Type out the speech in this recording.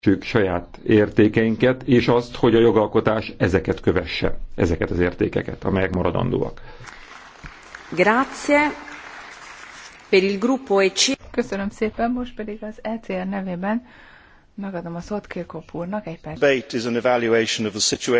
csük saját értékeinket, és azt, hogy a jogalkotás ezeket kövesse, ezeket az értékeket, amelyek maradandóak. Grazie. Per il gruppo EC... Köszönöm szépen, most pedig az ECR nevében megadom a szót Kirkop úrnak egy perc.